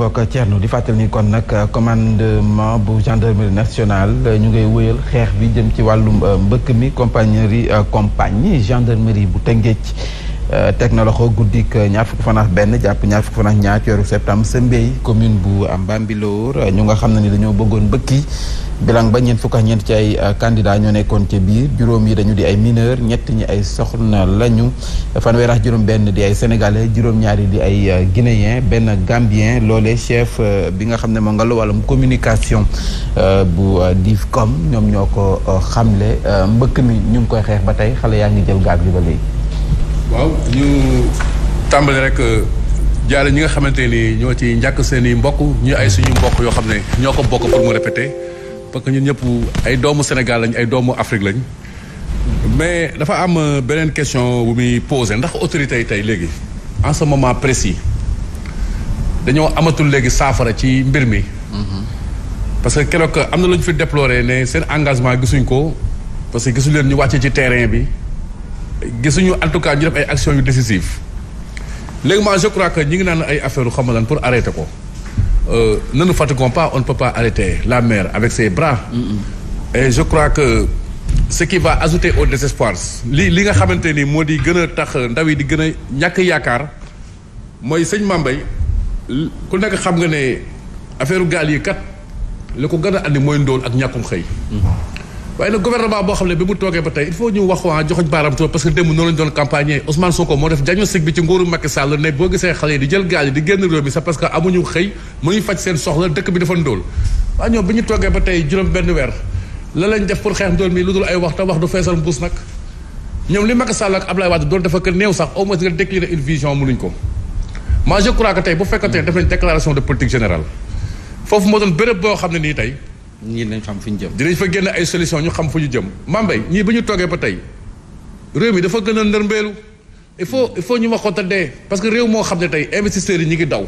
ngoog Thierno di fàttali ni kon nag euh, commandement bu gendarmerie nationale euh, ñu ngay wëyal xeex bi jëm ci wàllum euh, mbëkk mi compagnerie compagne gendarmerie bu Tëngéej Euh, teg na loxo guddik euh, ñaar fukki fan benn jàpp ñaar fukki fan ñaar ci weeru septembre sa mbéy commune bu euh, Bambilor ñu nga xam na ni dañoo bëggoon bëkki bilang ba ñeent fukk ak ñeent ci ay candidat ñoo nekkoon ci biir juróom yi dañu di ay mineur ñett ñi ay soxna lañu fanweer ak juróom benn di ay sénégalais juróom-ñaari di ay guinéen benn gambien loolee chef bi nga xam ne moo nga la wàllum communication bu DIFCOM ñoom ñoo ko xamle mbëkk mi ñu ngi koy xeex ba tey xale yaa ngi jël gaag bi ba léegi waaw ñu tàmbali rek euh, jaale ñi nga xamante ni ñoo ci njàkk seen i mbokk ñu ay suñu mbokk yoo xam ne ñoo ko bokk pour mu répéter parce que ñun ñëpp ay doomu Sénégal lañ ay doomu Afrique lañ mais dafa am euh, beneen question bu muy posé ndax autorité yi tey léegi en ce moment précis dañoo amatul léegi saafara ci mbir mi. Mhm. parce que keroog am na lu ñu fi déploré ne seen engagement gisuñ ko parce que gisuñ leen ñu wàcce ci terrain bi. gisuñu en tout cas ñu def ay action yu décisives léegi moi je crois que ñu ngi naan ay affaires yu xamalan pour arrêter ko euh, ne nous fatiguons pas on ne peut pas arrêter la mer avec ses bras et je crois que ce qui va ajouter au désespoir li li nga xamante ni moo di gën a tax ndaw yi di gën a ñàkk yaakaar mooy sëñ Mambay ku nekk xam nga ne affaire gaal yi kat li ko gën a indi mooy ndóol ak ñàkkum xëy mm-hmm. waaye nag gouvernement boo xam ne bi mu toogee ba tey il faut ñu wax waa joxoñ baaram tuuba parce que démb noonu lañ doon campagne Ousmane Sonko moo def diagnostic bi ci nguuru Macky Sall ne boo gisee xale yi di jël gaal yi di génn réew mi sax parce que amuñu xëy mënuñu faj seen soxla dëkk bi dafa ndóol waa ñu toogee ba tey juróom benn weer la lañ def pour xeex ndóol mi lu dul ay wax te wax du feesal mbuus nag ñoom li Macky Sall ak Abdoulaye Wade doon dafa tey bu fekkante ne def nañ déclaration de politique générale foofu moo doon béréb boo xam ne nii tey ñii nañ xam fi ñu jëm. dinañ fa génn ay solution ñu xam fu ñu jëm Mambay ñii ba ñu toogee ba tey réew mi dafa gën a ndërmbeelu il faut il faut ñu waxoon te dee parce que réew moo xam ne tey investisseurs yi ñu ngi daw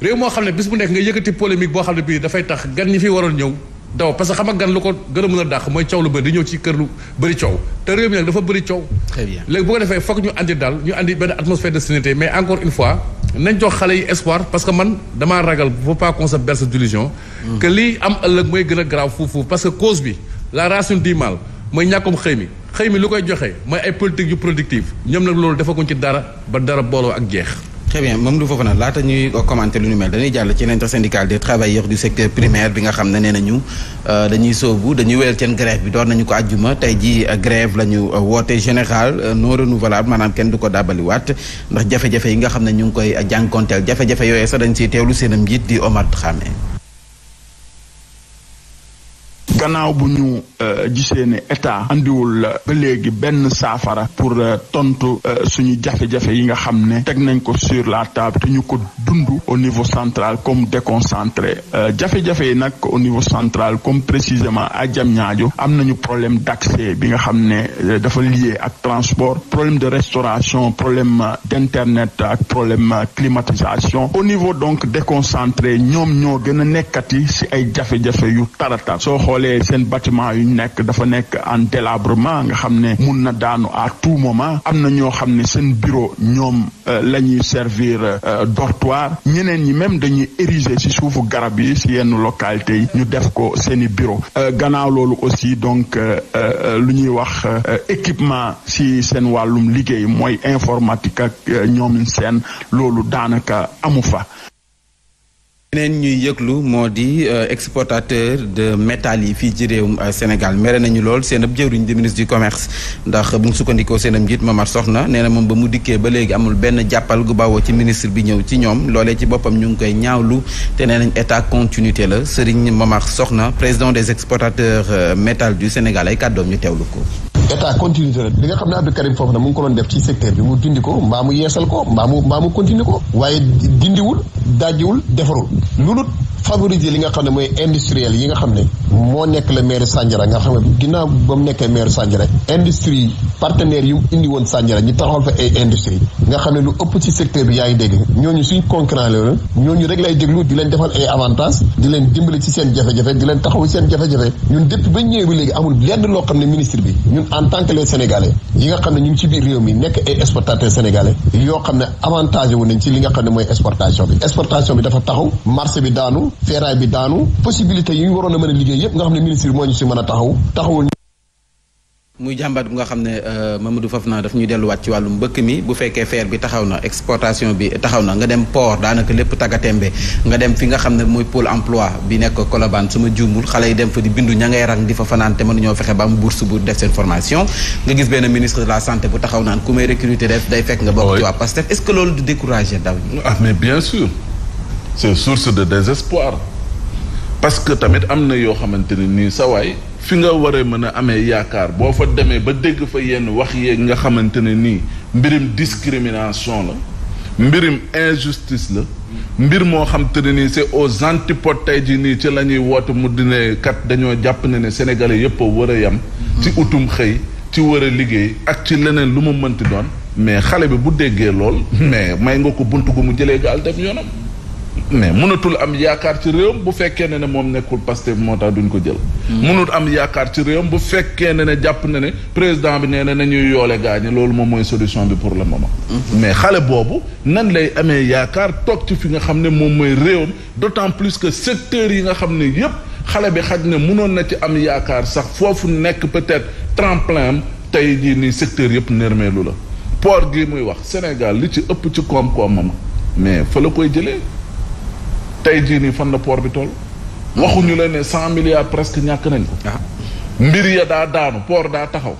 réew moo xam ne bis bu nekk nga yëkkati polémique boo xam ne bii dafay tax gan ñi fi waroon ñëw daw parce que xam nga gan lu ko gën a mën a dàq mooy coow lu bëri di ñëw ci kër lu bëri coow te réew mi nag dafa bëri coow. très bien léegi bu defee foog ñu andi daal ñu andi benn atmosphère de sérénité mais encore une fois nañ jox xale yi espoir parce que man damaa ragal faut pas qu'on se berce d'illusion que lii am ëllëg mooy gën a grave foofu foofu parce que cause bi la racine du mal mooy ñàkkum xëy mi xëy mi lu koy joxe mooy ay politique yu productive ñoom nag loolu defaguñ ci dara ba dara booloo ak jeex très bien foofu Fofana laata ñuy commenter lu ñu mel dañuy jàll ci l'intersyndicale des travailleurs du secteur primaire bi nga xam ne nee nañu euh, dañuy soobu dañuy wéyal seen grève bi door nañu ko àjjuma tey ji euh, grève la ñu euh, woote général non renouvelable maanaam kenn du ko daabaliwaat ndax jafe-jafe yi nga xam ne ñu ngi koy jànkonteel jafe-jafe yooyee sax dañ siy teewlu seen njiit di Omar Dramé gannaaw bu ñu euh, gisee ne état andiwul euh, ba léegi benn saafara pour euh, tontu suñu jafe-jafe yi nga xam ne teg nañ ko sur la table te ñu ko dund au niveau central comme déconcentré jafe-jafe yi nag au niveau central comme précisément à Diamniadio am nañu problème d'accès bi nga xam ne dafa lié ak transport problème de restauration problème d'internet ak problème climatisation au niveau donc déconcentré ñoom ñoo gën a nekkati si ay jafe-jafe yu taratar soo seen batiment yu ñu nekk dafa nekk en délabrement nga xam ne mun na daanu à tout moment am na ñoo xam ne seen bureau ñoom euh, la ñuy servir euh, dortoir ñeneen ñi même dañuy ériger si suufu garab yi si yenn localité yi ñu def ko seeni bureau euh, gannaaw loolu aussi donc lu ñuy wax équipement si seen wàllum liggéey mooy informatique ak ñoom seen loolu daanaka amu fa beneen ñuy yëglu moo di euh, exportateur de métal yi fii ci réewum euh, Sénégal mere nañu lool seen jëruñ jëwriñ di ministre du commerce ndax bu ñu sukkandikoo seen am njiit Mamar Soxna nee na moom ba mu dikkee ba léegi amul benn jàppal gu bawoo ci ministre bi ñëw ci ñoom loolee ci boppam ñu ngi koy ñaawlu te nee nañ état continuité la Serigne Mamar Soxna président des exportateurs euh, métal du Sénégal ay kàddoom ñu teewlu ko. état continuité li nga xam ne Abdou Karim foofu na mu ngi ko doon def ci secteur bi mu dindi ko mbaa mu yeesal ko mbaa mu mbaa mu continuer ko waaye dindiwul dajjiwul defarul lulut favoriser li nga xam ne mooy industriel yi nga xam ne moo nekk la maire Sandiara nga xam ne ginnaaw ba mu nekkee maire Sandiara industrie partenaires yu indi woon Sandiara ñu taxawal fa ay industrie nga xam ne lu ëpp ci secteur bi yaa ngi dégg ñooñu suñ concurrent la ñooñu rek lay déglu di leen defal ay avantages di leen dimbali ci seen jafe-jafe di leen taxawu seen jafe-jafe ñun depuis ba ñëwee ba léegi amul lenn loo xam ne ministre bi ñun en tant que les sénégalais yi nga xam ne ñu ngi ci biir réew mi nekk ay exportateurs sénégalais yoo xam ne avantage wu nañ ci li nga xam ne mooy exportation bi exportation bi dafa taxaw marché bi daanu ferraille bi daanu possibilité yi ñu waroon a mën a liggéey moo ñu si a taxaw taxawul muy jàmbat bu nga xam ne euh, Mamadou Fofana daf ñuy delluwaat ci wàllum mbëkk mi bu fekkee feer bi taxaw na exportation bi taxaw na nga dem port daanaka lépp tagatembe nga dem fi nga xam ne mooy pôle emploi bi nekk Colobane su ma juumul xale yi dem fa di bindu ña ngay rang di fa fanaan te ñoo fexe ba am bourse bu def seen formation nga gis benn ministre de la santé bu taxaw naan ku may recruter def day fekk nga bokk ci waa Pastef est loolu du décourager daw ah, de désespoir parce que tamit am na yoo xamante ne nii sawaay fi nga waree mën a amee yaakaar boo fa demee ba dégg fa yenn wax yeeg nga xamante ne nii mbirim discrimination la mbirim injustice la mbir moo xam te ne nii c'est aux antipodes tey jii nii ci la ñuy woote mu dine kat dañoo jàpp ne ne sénégalais yëpp a war a yem ci utum xëy ci war a liggéey ak ci leneen lu mu mënti doon mais xale bi bu déggee lool mais may nga ko bunt ko mu jëlee gaal def yoonam mais mënatul am yaakaar ci réewam bu fekkee ne ne moom nekkul Pastef moo tax duñ ko jël. Hmm. mënut am yaakaar ci réewam bu fekkee ne ne jàpp na ne président bi nee na nañuy yoole gaañi loolu moom mooy solution bi pour le moment. Hmm. mais xale boobu nan lay amee yaakaar toog ci fi nga xam ne moom mooy réewam d'autant plus que secteurs yi nga xam ne yépp xale bi xaj na munoon na ci am yaakaar sax foofu nekk peut-être tremplin am tey jii nii secteurs yépp nermeelu la port gi muy wax Sénégal li ci ëpp ci koom-koomam mais la koy jëlee. tey jii nii fan na port bi tool waxuñu la ne cent milliards presque ñàkk nañ ko. Ah. mbir ya daa daanu port daa taxaw.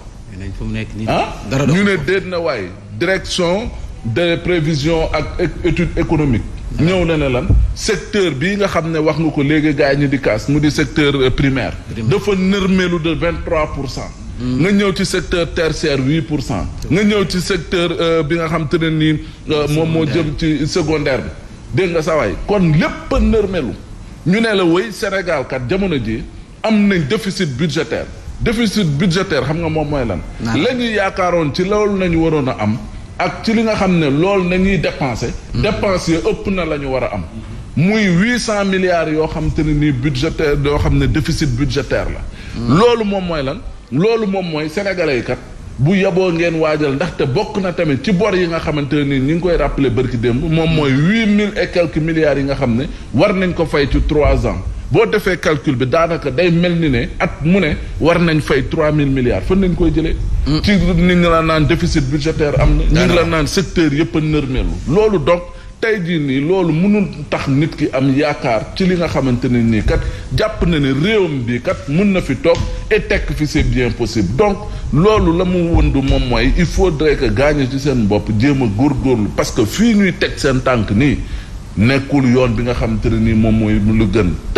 ah ñu ne déet na waaye direction des prévision ak étude économique. Ah. ñëw na ne lan secteur bii nga xam ne wax nga ko léegi gars ñi di kaas mu di secteur euh, primaire. dafa nërmeelu de vingt trois pour cent. Hmm. nga ñëw ci secteur tertiaire huit pour cent. nga ñëw ci secteur euh, bi nga xam te ne nii euh, moom moo jëm ci secondaire bi. dégg nga sawaay kon lépp a nërmelu ñu ne la wéy Sénégal kat jamono ji am nañ déficit budgétaire déficit budgétaire xam nga moom mooy lan la yaakaaroon ci loolu nañu waroon a am ak ci li nga xam ne loolu nañuy dépensé mm-hmm. dépense yi ëpp na la ñu war a am muy huit cent milliards yoo xam te ne nii budgétaire xam ne déficit budgétaire la mm-hmm. loolu moom mooy lan loolu moom mooy sénégalais bu yeboo ngeen waajal ndaxte bokk na tamit ci bor yi nga xamante ne ni ñu ngi koy rappelé bërki démb moom mooy huit mille et quelques milliards yi nga xam ne war nañ ko fay ci trois ans boo defee calcul bi daanaka day mel ni ne at mu ne war nañ fay trois mille milliards fan nañ koy jëlee. Mm. ci ni ñu la naan déficit budgétaire am na. ñu ngi la naan secteur yëpp nër nërmeelu loolu donc. tey jii nii loolu mënul tax nit ki am yaakaar ci li nga xamante ne nii kat jàpp na ne réewam bii kat mun na fi toog et tekk fi c'est bien possible donc loolu la mu wëndu moom mooy il faudrait que gaañe ci seen bopp jéem a góorgóorlu parce que fii ñuy teg seen tànk nii nekkul yoon bi nga xamante ne nii moom mooy lu gën